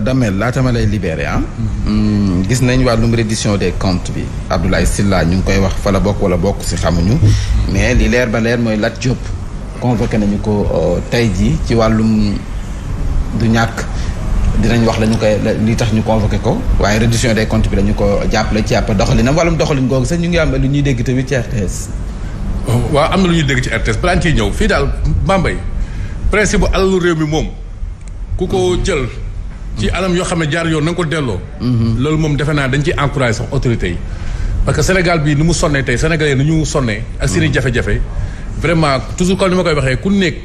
Damel laata ma lay libéré ah. Hmm, gis nañ wàllum reddition des comptes bi Abdoulaye Sylla ñu ngi koy wax fa la bokk wala bokk si xamuñu. mais li leer ba leer mooy Lat Diop. convoqué nañu ko euh, tey jii ci wàllum du ñàkk dinañ wax lañu koy li tax ñu convoqué ko waaye reddition des comptes bi la ñu ko jàppale ci àpp doxalinam wàllum doxalin googu sax ñu ngi am lu ñuy dégg tamit ci RTS. Oh, waaw am na lu ñuy dégg ci RTS balaa ñu ñëw fii daal Bambey principe bu alalu réew mi moom ku ci alam yoo xam ne jaar yoon na ko delloo. loolu moom defe naa dañ ci encouragé sax autorités yi. parce que Sénégal bi ni mu sonnee tey sénégalais ni ñu sonnee. ak seen i mm. jafe-jafe. vraiment toujours comme ni ma koy waxee ku nekk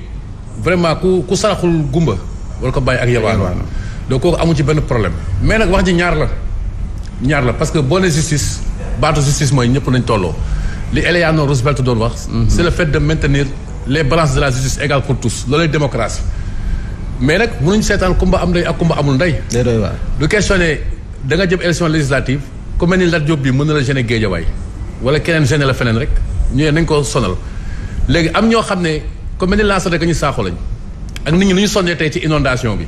vraiment ku ku saraxul gumba wala ko bàyyi ak yabaan. donc kooku amu ci benn problème. mais nag wax ji ñaar la ñaar la parce que boo nee justice baatu justice mooy ñëpp nañ tolloo li Eleanor Roosevelt doon wax. Mm-hmm. c'est le fait de maintenir les balances de la justice égales pour tous mais nag mënuñ seetaan kumba am ndey ak kumba amul ndey. du questionné da nga jëm élection législative ku mel ni Lat Diop bi mën na la gêner Guédiawaye wala keneen gêner la feneen rek ñu ne nañ ko sonal léegi am ñoo xam ne ku mel ni Lansana Gagny Sakho lañ ak nit ñi nu ñu sonnee tey ci inondation bi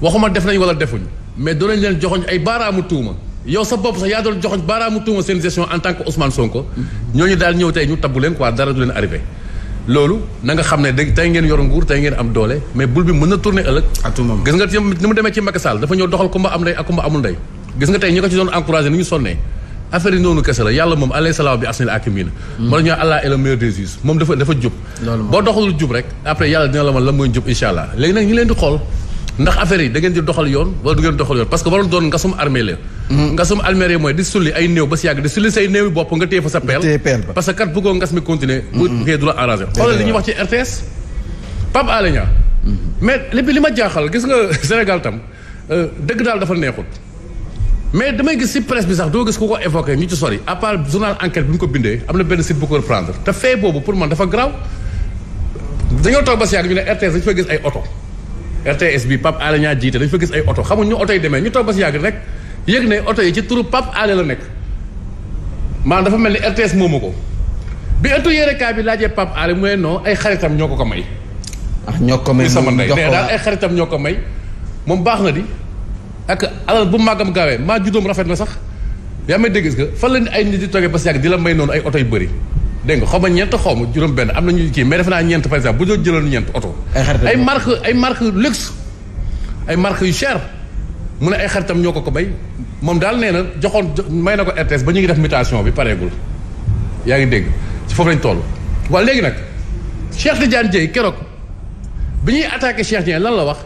waxuma def nañ wala defuñ mais doonañ leen joxoñ ay baaraamu tuuma yow sa bopp sax yaa doon joxoñ baaraamu tuuma seen gestion en tant que Ousmane Sonko mm-hmm. ñooñu daal ñëw tey ñu tabbu leen quoi dara du leen arrivé. loolu na nga xam ne da tey ngeen yor nguur tey ngeen am doole mais bul bi mën na tourner ëllëg à tout moment gis nga ci ni mu demee ci Macky Sall dafa ñëw doxal kumba am ndey ak kumba amul ndey gis nga tey ñi ko ci doon encouragé ni ñu sonnee affaire noonu kese la yàlla moom alayhi salaam bi asnil akimina hmm. ma la ñoo Allah est le meilleur moom dafa dafa jub boo doxalul jub rek après yàlla dina la man la mooy jub incha léegi nag ñi leen di xool ndax affaire yi dangeen di doxal yoon wala du ngeen doxal yoon parce que warul doon ngasum armée la mhm. ngasum armée la mooy di sulli ay néew ba si yàgg di sulli say néew bopp nga téye fa sa peel parce que kat bëggoo ngas mi continuer bu mhm. du la arranger xoolal li ñuy wax ci RTS Pape Alé mhm. mais lépp li ma jaaxal gis nga Sénégal tam euh, dëgg daal dafa neexut mais damay gis si presse bi sax doo gis ku ko évoqué ñu ci sori à journal enquête bi ñu ko bindee am na benn site man dafa garaaw dañoo toog ba si yàgg ñu ay oto RTS bi Pape Alé Niang jiite dañ fa gis ay oto xamuñ ñu oto yi demee ñu toog ba si yàgg rek la nekk maanaam dafa mel ni RTS moomu ko bi ëttu yérekaay bi laajee Pape Alé mu ne non ay xaritam ñoo ko ko may. ah ñoo ko may sama ndey daal ay xaritam ñoo ko may moom baax na di ak alal bu màggam gaawee maa juddoom rafet na sax yaa may dégg nga fan la ni ay nit di toogee ba si yàgg di la may noonu ay oto yu bëri. dégg nga xaw ma ñeent xaw ma juróom-benn am nañu kii mais defe naa ñeent par exemple bu ñu jëloon ñeent oto. ay marque ay marque luxe ay marque yu cher mu ne ay xaritam ñoo ko ko bay moom daal nee na joxoon may na ko RTS ba ñu ngi def mutation bi pareegul yaa ngi dégg ci foofu lañu toll. waaw léegi nag Cheikh jaan Dièye keroog bi ñuy attaqué Cheikh Dièye lan la wax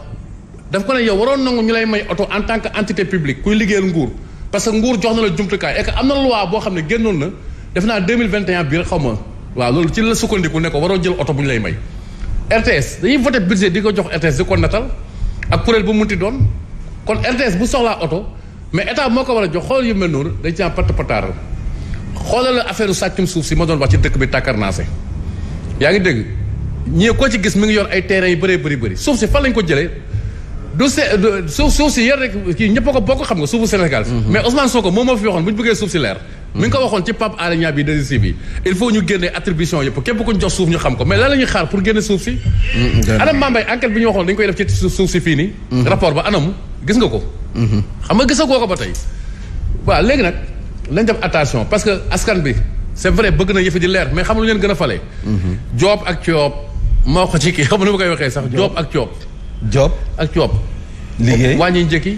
daf ko ne yow waroon nangu ñu lay may oto en tant que entité publique kuy liggéeyal nguur parce que nguur jox na la jumtukaay et am na loi boo xam ne génnoon na. def naa deux mille vingt et un biir xaw ma waaw loolu ci la sukkandiku ne ko waroo jël oto ñu lay may. RTS dañuy voté budget di ko jox RTS di ko natal ak kuréel bu munti doon kon RTS bu soxlaa oto mais état moo ko war a jox xool yu mel noonu dañ ci am patt pataaral xoolal affaire sàccum suuf si ma doon wax ci dëkk bi tàkkarnaase yaa ngi dégg ñii ko ci gis mi ngi ay terrain yu bëree bëri bëri suuf si lañ ko jëlee du se suuf suuf si yor rek kii ñëpp a ko bokk xam nga suufu Sénégal. Mm-hmm. mais Ousmane Sonko moom moo fi waxoon bu ñu bëggee suuf si leer. mi ngi ko waxoon ci Pape Alé Niang bi desi bi il faut ñu génne attribution yëpp képp ku ñu jox suuf ñu xam ko mais lan la ñuy xaar pour génne suuf si mm-hmm. anam Mambay enquête bi ñu waxoon dañu koy def ci suuf si fii nii mm-hmm. rapport ba anam gis nga ko mm-hmm. xam nga gisagoo ko ba tey waaw léegi nag lañ def attention parce que askan bi c'est vrai bëgg na yëfi di leer mais xam lu leen gën a fale joob ak coob moo ko ci kii xam nu ma waxee sax joob ak coob joob ak coob liggéey wàññi njëkki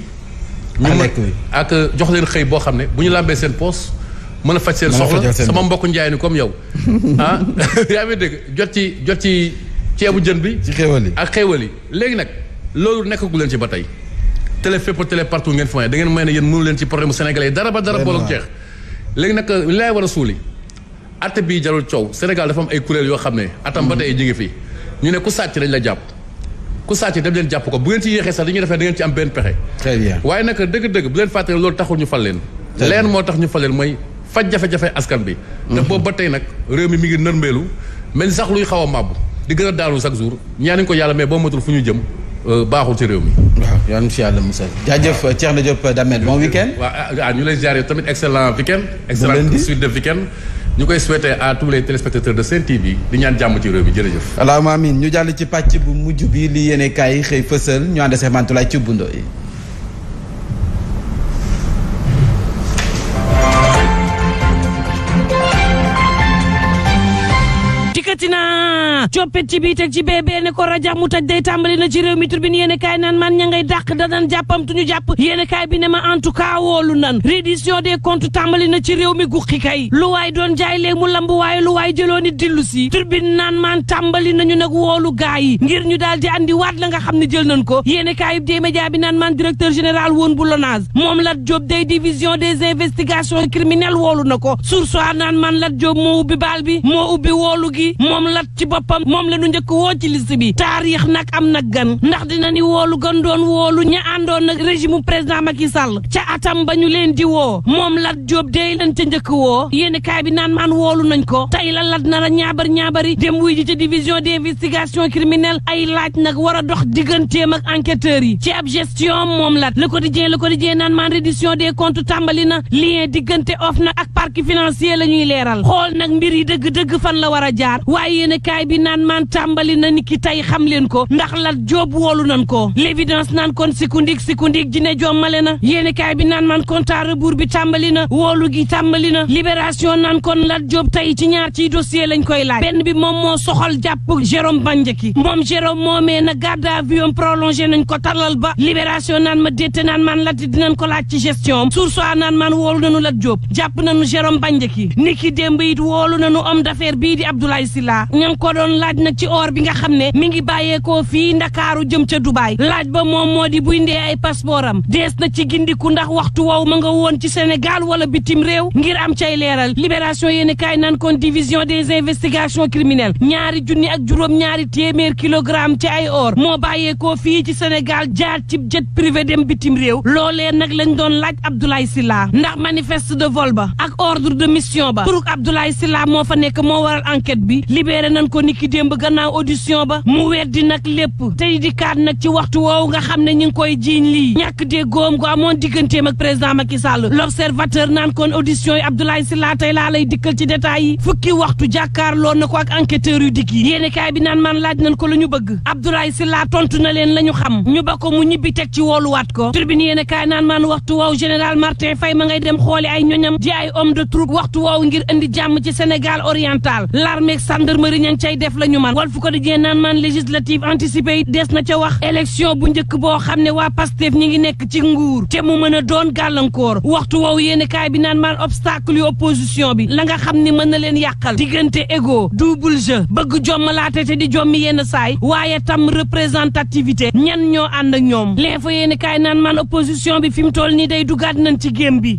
ah, ñu ak jox leen xëy boo xam ne bu ñu làmbee seen poos mën a faj seen soxla sama mbokku njaay ni comme yow ah yaa ngi dégg jot ci jot ci ceebu jën bi ci xéewal yi ak xéewal yi léegi nag loolu nekkagu leen ci ba tey télé fépp télé partout ngeen fi may da ngeen may ne yéen mënu leen ci problème sénégalais dara ba dara boolog jeex léegi nag li laay war a suuli atte bii jarul coow Sénégal dafa am ay kuréel yoo xam ne atam ba tey mm. ñu ngi fi ñu ne ku sàcc dañ la jàpp ku sàcc dem leen jàpp ko bu ngeen ci yéexee sax dañuy defee da ngeen ci am benn pexe très bien nag dëgg-dëgg bu leen fàttali loolu taxul ñu fal leen leen moo tax ñu fal leen mooy faj jafe-jafe askan bi. te mhm. boobu ba tey nag réew mi mi ngi nërmbeelu mel sax luy xaw a màbbu di gën a daanu chaque jour ñaaniñ ko yàlla mais boo matul fu ñu jëm euh, baaxul ci réew mi. waaw yoon si yàlla Moussa jaajëf Thierno Diop Damed bon week-end. waaw ah, ah, ñu lay ziare tamit excellent week-end. excellent suite de week ñu koy souhaiter à tous les téléspectateurs de Sen TV di ñaan jàmm ci réew mi jërëjëf. allahumma amiin ñu jàll ci pàcc bu mujj bi li yéene kaay xëy fësal ñu ànd see ci bundo an coppit ci bii teg ci bébé ne ko rajax mu taj day tàmbali na ci réew mi turbine yéen kaay naan man ña ngay dàq danan jàppamtuñu jàpp yéen kaay bi ne ma en tout cas woolu nan reddition des comptes tàmbali na ci réew mi guqi kay lu waay doon jaay léeg mu lamb waaye lu waay jëlooni dillu si turbine naan man tàmbali nañu nag woolu gaa yi ngir ñu daal di andi waat la nga xam ne jël nañ ko yéen kaay bi dee média bi naan man directeur général woon bu LONASE moom Lat Diop day division des investigations criminelles woolu na ko sursoir naan man Lat Diop moo ubbi baal bi moo ubbi woolu gi moom lat ci bopp boppam moom la nu njëkk woo ci liste bi taarix nag am na gan ndax dina ni woolu gan doon woolu ña àndoon nag régime président Macky Sall ca atam ba ñu leen di woo moom la Diop dey lan ca njëkk woo yéen kaay bi naan maan woolu nañ ko tey la lat nar a ñaabar ñaabari dem wuy ji ca division d'investigation criminelle ay laaj nag war a dox digganteem ak enquêteurs yi ci ab gestion moom lat le quotidien le quotidien naan maan reddition des comptes tàmbali na lien diggante of nag ak parc financier la ñuy leeral xool nag mbir yi dëgg-dëgg fan la war a jaar naan maan tàmbali na ni ki tey xam leen ko ndax Lat Joob woolu nan ko l'évidence naan kon sikundik sikundik jine jommale na yéenekaay bi naan man kontaa rebours bi tàmbali na woolu gi tàmbali na libération naan kon Lat Joob tey ci ñaar ciy dossier lañ koy laaj benn bi moom moo soxal jàpp bànj ki moom Jérôme moomee na garde à vue prolongé nañ ko talal ba libération naan ma détte naan man Lat dinañ ko laaj ci gestion am naan maan woolu nanu Lat Joob jàpp nanu Jérôme Bandiaky niki démb it woolu nanu homme d'affaires bii di Abdoulaye laaj nag ci or bi nga xam ne mi ngi bàyyeekoo fii ndakaaru jëm ca Dubaay laaj ba moom moo di buy ndee ay passeport am dees na ci gindiku ndax waxtu wow ma nga woon ci Sénégal wala bitim réew ngir am ca ay leeral libération yéeni kaay naan kon division des investigations criminelles ñaari junni ak juróom ñaari téeméer kilogramme ci ay or moo bàyyeekoo fii ci Sénégal jaar ci jet privé dem bitim réew loolee nag lañ doon laaj Abdoulaye Sylla ndax manifeste de vol ba ak ordre mission ba turuk Abdoulaye Sylla moo fa nekk moo waral enquête bi libéré nañ ko barki démb gannaaw audition ba mu weddi nag lépp tey di kaat nag ci waxtu woowu nga xam ne ñu ngi koy jiiñ lii ñàkk déggoom gu amoon digganteem ak président Macky Sall l'observateur naan kon audition yi Abdoulaye Sylla tey laa lay dikkal ci détails yi fukki waxtu jàkkaarloo na ko ak enquêteurs yu digg yi bi naan man laaj nañ ko lu ñu bëgg Abdoulaye Sylla tontu na leen la ñu xam ñu ba ko mu ñibbi teg ci wooluwaat ko tribune yéenekaay naan man waxtu woowu général Martin fay ma ngay dem xooli ay ñoñam di ay homme de troupe waxtu woowu ngir indi jàmm ci Sénégal oriental l'armée gendarmerie ña ngi cay def def la ñu man Walf Quotidien naan maan législative anticipée yi des na ca wax élection bu njëkk boo xam ne waa Pastef ñi ngi nekk ci nguur te mu mën a doon gàllankoor waxtu woowu yéen kaay bi naan maan obstacle yu opposition bi la xam ni mën na leen yàqal diggante ego double jeu bëgg jommalaate te di jommi yenn saay waaye tam représentativité ñan ñoo ànd ak ñoom leen fa yéen kaay naan maan opposition bi fi mu toll nii day dugaat nañ ci gém bi